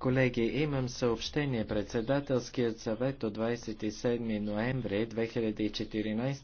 Колеги, имам съобщение. Председателският съвет от 27 ноември 2014